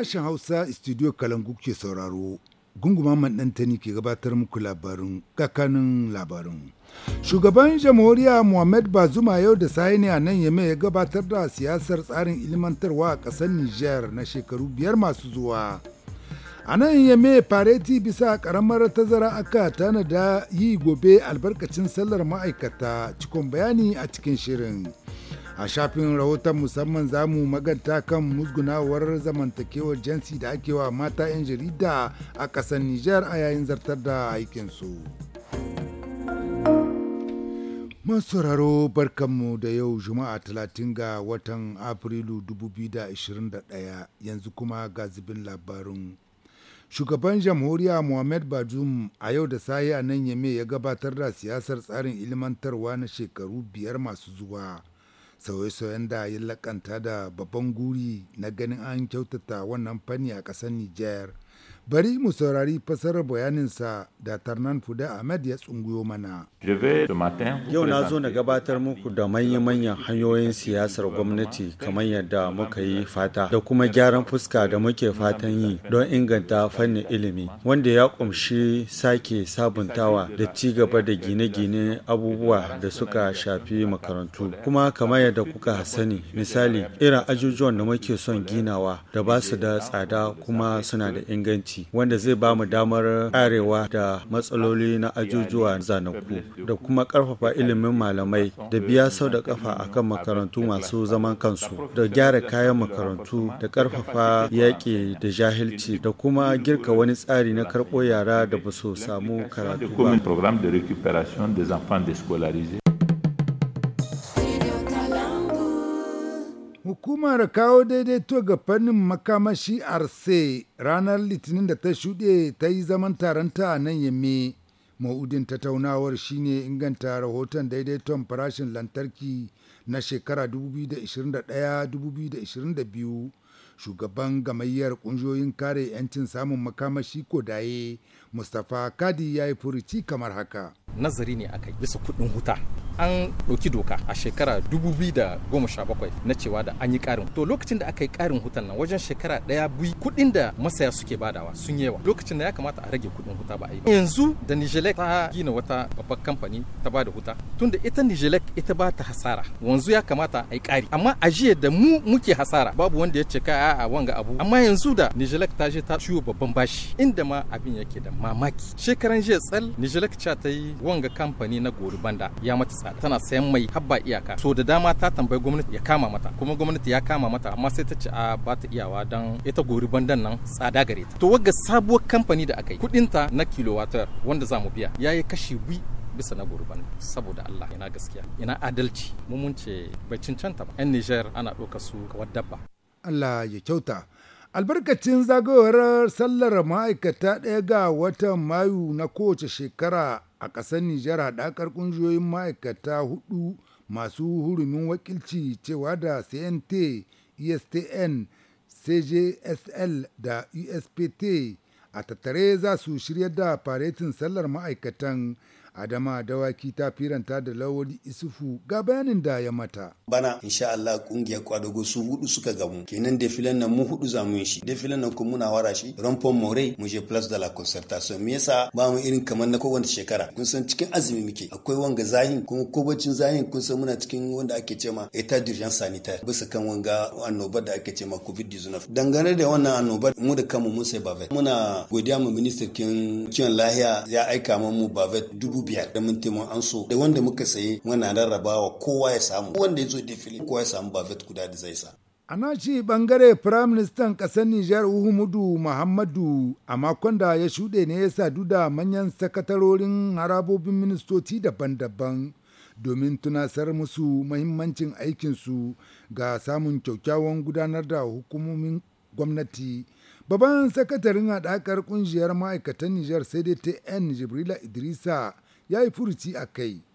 Sashen Hausa Studio Kalangu ke sauraro, gunguma maɗantani ke gabatar muku labarin kakanin labarin. Shugaban jamhuriya Muhammad Bazuma yau da sayi ne a nan Yemen ya gabatar da siyasar tsarin ilimantarwa a ƙasar Nijar na shekaru biyar masu zuwa. A nan Yemen fareti bisa ƙaramar tazara aka tanada yi gobe albarkacin sallar ma'aikata cikin bayani a cikin shirin. a shafin rahoton musamman za mu maganta kan musgunawar zamantakewar jinsi da ake wa mata 'yan jarida a ƙasar Nijar a yayin zartar da aikinsu. sauraro barkanmu da yau juma'a 30 ga watan afrilu 2021 yanzu kuma ga zubin labarin shugaban jamhuriya mohamed bajum a yau da sahi a nan yame ya gabatar da siyasar tsarin ilmantarwa na shekaru biyar masu zuwa sauye-sauyen da ya lakanta da babban guri na ganin an kyautata wannan fanni a ƙasar Nijar. Bari mu saurari fasarar bayaninsa da Tarnan Fuda Ahmed ya tsunguyo mana. Yau na zo na gabatar muku da manya-manyan hanyoyin siyasar gwamnati kamar yadda muka yi fata da kuma gyaran fuska da muke fatan yi don inganta fannin ilimi wanda ya kumshi sake sabuntawa da ci gaba da gine-gine abubuwa da suka shafi makarantu. Kuma kamar yadda kuka sani misali irin ajujuwan da muke son ginawa da ba su da tsada kuma suna da inganci. aiki wanda zai ba mu damar karewa da matsaloli na ajujuwa zanaku da kuma karfafa ilimin malamai da biya sau da kafa akan makarantu masu zaman kansu da gyara kayan makarantu da karfafa yaƙi da jahilci da kuma girka wani tsari na karɓo yara da ba su samu karatu ba. Hukumar kawo daidaito ga fannin makamashi arse ranar litinin da ta shuɗe ta yi zaman taronta a nan yamme. Ma'udin tattaunawar shine inganta rahoton daidaiton farashin lantarki na shekara 2021-2022. Shugaban gamayyar ƙungiyoyin kare 'yancin samun makamashi ko kodaye, Mustapha Kadi ya yi furuci kamar haka. Nazari ne aka bisa kuɗin huta an ɗauki doka a shekara 2017 na cewa da an yi ƙarin to lokacin da aka yi ƙarin hutan nan wajen shekara ɗaya biyu kuɗin da masaya suke badawa sun yawa lokacin da ya kamata a rage kuɗin huta ba a yi yanzu da nijelek ta gina wata babbar kamfani ta bada huta tunda ita nijelek ita ba ta hasara wanzu ya kamata a yi ƙari amma a jiya da mu muke hasara babu wanda ya ce ka a wanga abu amma yanzu da nijelek ta je ta ciwo babban bashi inda ma abin yake da mamaki shekaran jiya tsal nijelek ta yi wanga kamfani na gorubanda ya mata tana sayan mai habba iyaka so da dama ta tambayi gwamnati ya kama mata kuma gwamnati ya kama mata amma sai ta ci a ba ta iyawa don ita gori bandan nan tsada gare ta to wagga sabuwar kamfani da aka yi kudinta na kilowatar wanda za mu biya ya yi kashi bi bisa na bandan saboda Allah ina gaskiya ina adalci mun ce bai cancanta ba yan Niger ana ɗauka su kawar dabba Allah ya kyauta albarkacin zagayowar sallar ma'aikata ɗaya ga watan mayu na kowace shekara a ƙasar Nijar haɗakar ƙungiyoyin ma'aikata hudu masu hurumin wakilci cewa da CNT, ESTN, CJSL da USPT a tattare za su shirya da faretin sallar ma'aikatan Adama Dawaki ta firanta da Lawali Isufu ga bayanin da ya mata. Bana insha Allah kungiyar kwadago su hudu suka gamu. Kenan defilan nan mu hudu zamu yi shi. Defilan nan kuma muna wara shi. Rompon More mu je Place de la Concertation. Me yasa ba mu irin kamar na kowace shekara? Kun san cikin azumi muke. Akwai wanga zahin kuma kobacin zahin kun san muna cikin wanda ake cema eta d'urgence sanitaire bisa kan wanga annobar da ake cema COVID-19. Dangane da wannan annobar mu da kanmu mun sai bavet. Muna godiya ma minister kin kiwon lahiya ya aika mu bavet dubu dubu biyar da mun an so da wanda muka saye muna rarrabawa kowa ya samu wanda ya zo da fili kowa ya samu guda da zai sa ana ci bangare firaministan ƙasar Nijar Uhumudu Muhammadu a makon da ya shuɗe ne ya sadu da manyan sakatarorin harabobin ministoci daban-daban domin tunasar musu mahimmancin aikinsu ga samun kyaukyawan gudanar da hukumomin gwamnati. Babban sakatarin haɗakar ƙungiyar ma'aikatan Nijar sai dai ta Jibrila Idrisa ya yi furuci a kai.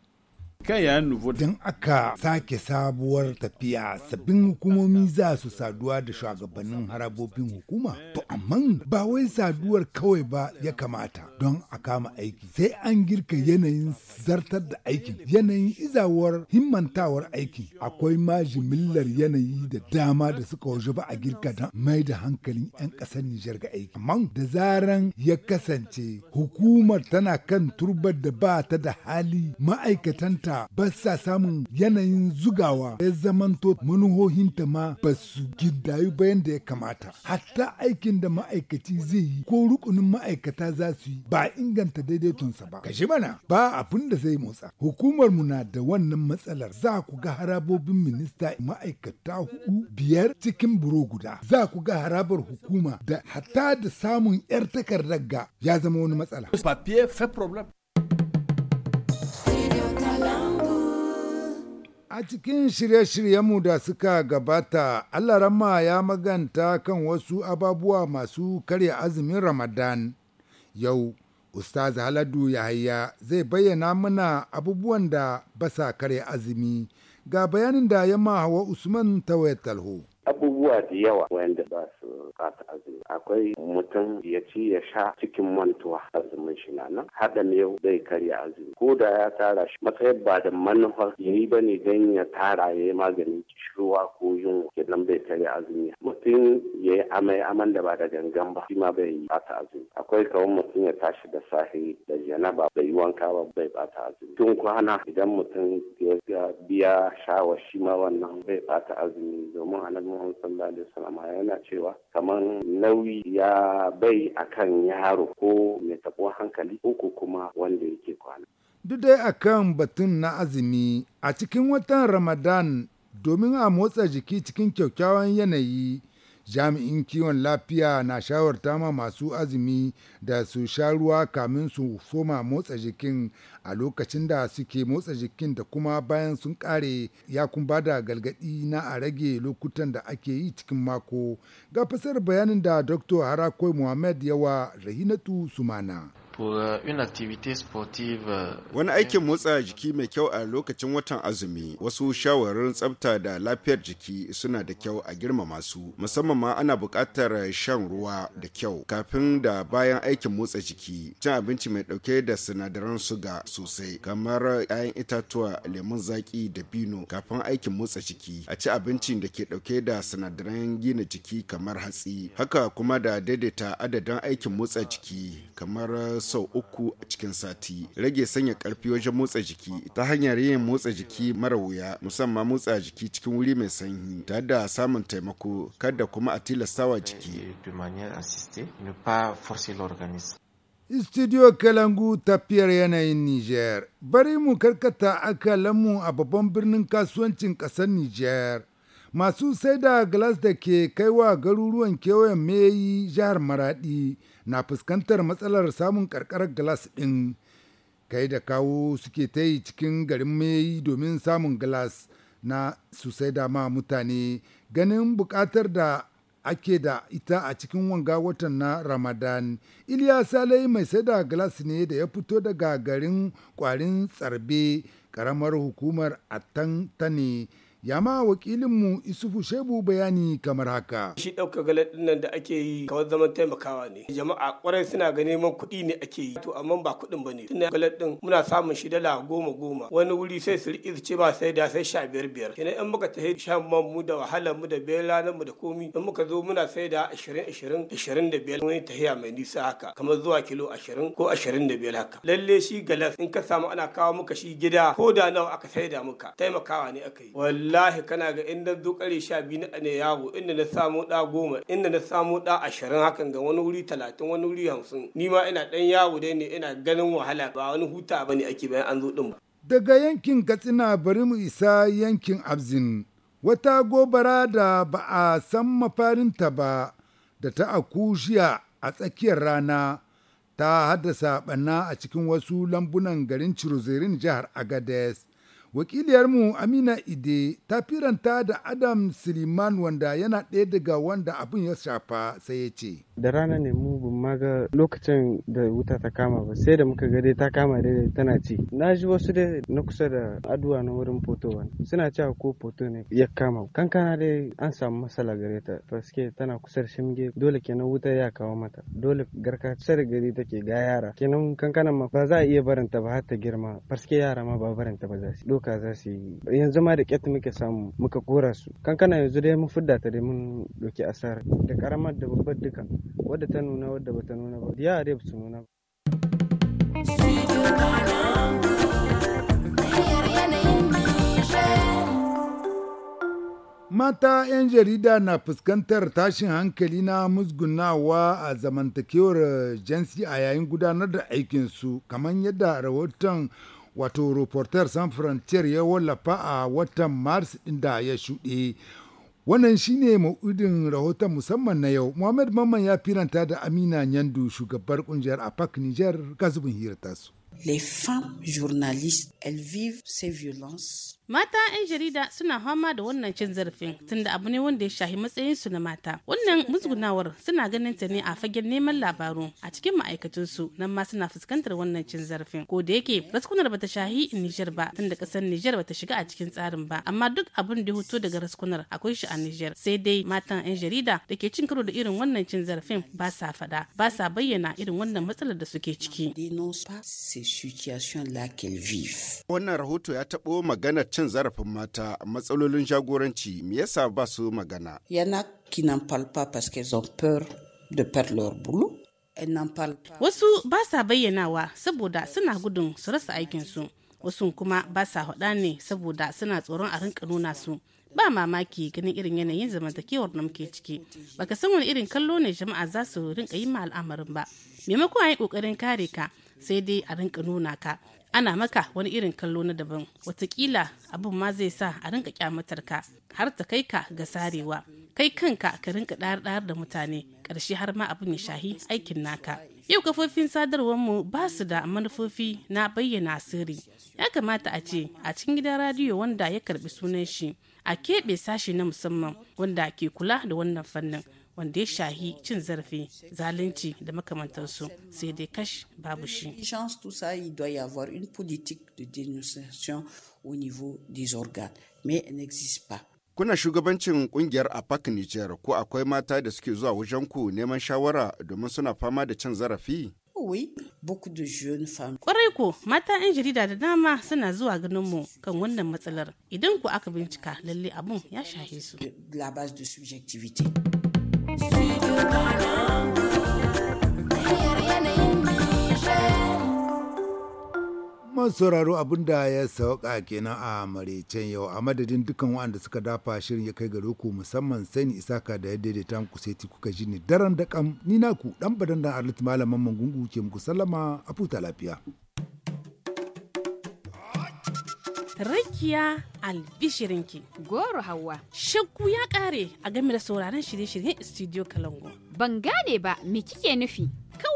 kaya don aka sake sabuwar tafiya sabbin hukumomi za su saduwa da shugabannin harabobin hukuma to amma ba wai saduwar kawai ba ya kamata don a kama aiki sai an girka yanayin zartar da aikin yanayin izawar himmantawar aiki akwai ma jimillar yanayi da dama da suka waje ba a girka don mai da hankalin 'yan ƙasar nijar ga aiki amma da zaran ya kasance hukumar tana kan turbar da ba ta da hali ma'aikatanta haka ba sa samun yanayin zugawa ya zamanto manuhohinta ma ba su gindayu bayan da ya kamata hatta aikin da ma'aikaci zai yi ko rukunin ma'aikata za su yi ba inganta daidaitonsa ba kashi mana ba abin da zai motsa hukumar mu na da wannan matsalar za ku ga harabobin minista ma'aikata hudu biyar cikin buro guda za ku ga harabar hukuma da hatta da samun yar takardar ga ya zama wani matsala. A cikin shirye-shiryenmu da suka gabata, Allah rama ya maganta kan wasu ababuwa masu karya azumin Ramadan. Yau, Ustaz Haladu Yahaya zai bayyana mana abubuwan da ba sa karya azumi ga bayanin da ya ma hawa Usman waya Talho. Abubuwa da yawa wanda ba su bukata azumi akwai mutum ya ci ya sha cikin mantuwa azumin shi na nan haɗa yau zai karya azumi ko da ya tara shi matsayin ba da manufar ya yi ba ne don ya tara ya yi maganin kishirwa ko yunwa kenan bai karya azumi mutum ya yi amai aman da ba da gangan ba shi ma bai yi bata azumi akwai kawai mutum ya tashi da safe da janaba bai yi wanka ba bai bata azumi tun kwana idan mutum ya biya wa shi ma wannan bai bata azumi domin annabi Muhammad sallallahu alaihi wasallam yana cewa kamar nauyi ya bai a kan yaro ko mai tabo hankali ko kuma wanda yake kwana. Duk dai a kan batun na azumi a cikin watan Ramadan domin a motsa jiki cikin kyaukyawan yanayi jami'in kiwon lafiya na shawarta ma masu azumi da su sha ruwa kamin su soma motsa jikin a lokacin da suke motsa jikin da kuma bayan sun kare ya kun da galgadi na a rage lokutan da ake yi cikin mako ga fasar bayanin da dr harakoi muhammad yawa rahinatu sumana Euh, euh, Wani aikin motsa jiki mai kyau a lokacin watan azumi wasu shawarar tsafta da lafiyar jiki suna da kyau a girmama su musamman ma ana buƙatar shan ruwa da kyau kafin da bayan aikin motsa jiki cin abinci mai ɗauke da sinadaran suga sosai kamar 'ya'yan itatuwa lemun zaƙi da bino kafin aikin motsa jiki a ci abincin da ke ɗauke da sinadaran gina jiki kamar hatsi haka kuma da daidaita adadin aikin motsa jiki kamar sau uku a cikin sati rage sanya karfi wajen motsa jiki ta hanyar yin motsa jiki mara wuya musamman motsa jiki cikin wuri mai sanyi tare da samun taimako kada kuma a tilastawa jiki Studio Kalangu tafiyar yanayin Nijar. Bari mu karkata akalanmu a babban birnin kasuwancin ƙasar Nijar. Masu sai da glass da ke kaiwa garuruwan kewayen meyi jihar Maradi na fuskantar matsalar samun karkarar glass ɗin kai da kawo suke ta yi cikin garin mai domin samun glass na sosai da ma mutane ganin bukatar da ake da ita a cikin wanga watan na ramadan iliya salai mai sai da glass ne da ya fito daga garin kwarin tsarbe karamar hukumar attan ta ne Yama mu Isufu Shebu bayani kamar haka. Shi ɗauka galar nan da ake yi kawai zaman taimakawa ne. Jama'a kwarai suna ga neman kuɗi ne ake yi. To amma ba kuɗin ba ne. suna galar ɗin muna samun shi dala goma goma. Wani wuri sai su riƙe ce ba sai da sai sha biyar biyar. Kenan in muka tafi shan man mu da wahalar mu da bela mu da komi. In muka zo muna sai da ashirin ashirin ashirin da biyar. Wani tahiya mai nisa haka kamar zuwa kilo ashirin ko ashirin da biyar haka. Lalle shi galas in ka samu ana kawo muka shi gida ko da nawa aka sai da muka taimakawa ne aka yi. wallahi kana ga inda zo kare sha biyu ne yawo inda na samu da goma inda na samu da ashirin hakan ga wani wuri talatin wani wuri hamsin ni ma ina dan yawo dai ne ina ganin wahala ba wani huta bane ake bayan an zo din ba. Daga yankin Katsina bari mu isa yankin Abzin wata gobara da ba a san mafarinta ba da ta akushiya a tsakiyar rana ta haddasa ɓanna a cikin wasu lambunan garin Chiruzirin jihar Agadez. Wakiliyarmu Amina Ide ta firanta da Adam siliman wanda yana ɗaya daga wanda abin ya shafa sai ya ce. Da rana ne mu bin ma ga lokacin da wuta ta kama ba sai da muka gade ta kama da tana ci. Na ji wasu da na kusa da aduwa na wurin foto wani suna cewa ko foto ne ya kama. Kankana dai an samu matsala gare ta paske tana kusar shimge dole kenan wuta ya kawo mata. Dole garka kusa da gari take ga yara kenan kankanan ma ba za a iya barinta ba har ta girma paske yara ma ba barinta ba za su. ɗauka za su yi yanzu ma da ƙyat muke samu muka kora su kankana yanzu dai mun fidda ta dai mun ɗauki asara da karamar da babbar duka wadda ta nuna wadda ba ta nuna ba ya dai ba su nuna ba. Mata 'yan jarida na fuskantar tashin hankali na musgunawa a zamantakewar jinsi a yayin gudanar da aikinsu, kamar yadda rahoton wato reporter san frontier ya wallafa a watan mars da ya shuɗe wannan shine ma'udin rahoton musamman na yau muhammad mamman ya firanta da amina nyandu shugabar kungiyar apac niger zubin hirar tasu Les femmes journalistes, elles vivent ces violences Mata 'yan jarida suna fama da wannan cin zarafin tunda abu ne wanda ya shahi matsayinsu na mata. Wannan musgunawar suna ganin ta ne a fagen neman labaru a cikin ma'aikatunsu nan ma suna fuskantar wannan cin zarafin. Ko da yake raskunar bata shahi Nijar ba tunda kasar Nijar bata shiga a cikin tsarin ba amma duk abin da ya hoto daga raskunar akwai shi a Nijar. Sai dai matan 'yan jarida da ke cin karo da irin wannan cin zarafin ba sa faɗa ba sa bayyana irin wannan matsalar da suke ciki. Wannan rahoto ya taɓo maganar cin zarafin mata matsalolin jagoranci me yasa ba su magana yana kinan palpa paske zompeur da perlor bulu wasu ba sa bayyanawa saboda suna gudun su rasa aikinsu wasu kuma ba sa hada ne saboda suna tsoron a rinka nuna su ba mamaki ganin irin yanayin zamantakewar da muke ciki baka san wani irin kallo ne jama'a za su rinka yi ma al'amarin ba maimakon a yi kokarin kare ka sai dai a rinka nuna ka ana maka wani irin kallo na daban watakila abin ma zai sa a rinka kyamatar ka har ta kai ka ga sarewa kai kanka ka rinka ɗar-ɗar da mutane ƙarshe har ma abin ya shahi aikin naka yau kafofin sadarwarmu ba su da manufofi na bayyana sirri ya kamata a ce a cikin gidan radiyo wanda ya karbi sunan shi a keɓe sashi na musamman wanda ke kula da wannan fannin wanda ya shahi cin zarafi zalunci da makamantansu sai dai kash babu shi Kuna shugabancin kungiyar APAC Niger ko akwai mata da suke zuwa wajen ku neman shawara domin suna fama da cin zarafi? Kwarai ko mata 'yan jarida da dama suna zuwa ganinmu kan wannan matsalar idan ku aka bincika lalle abun ya shahe su. La de subjectivité. masu sauraro abin da ya sauka kenan a maraicen yau a madadin dukkan waɗanda suka dafa shirin ya kai gare ku musamman sani isaka da ya daidaita muku sai kuka ji ni daren da kam ni naku dan badan da arlit malaman mangungu ke muku sallama a futa lafiya. Rakiya albishirinki goro hawa shakku ya kare a game da sauraron shirye-shiryen studio kalango. Ban gane ba me kike nufi?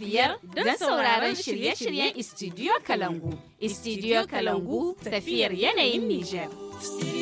biyar don sauraron shirye-shiryen Istidiyo Kalangu. Istidiyo Kalangu tafiyar yanayin Nijar.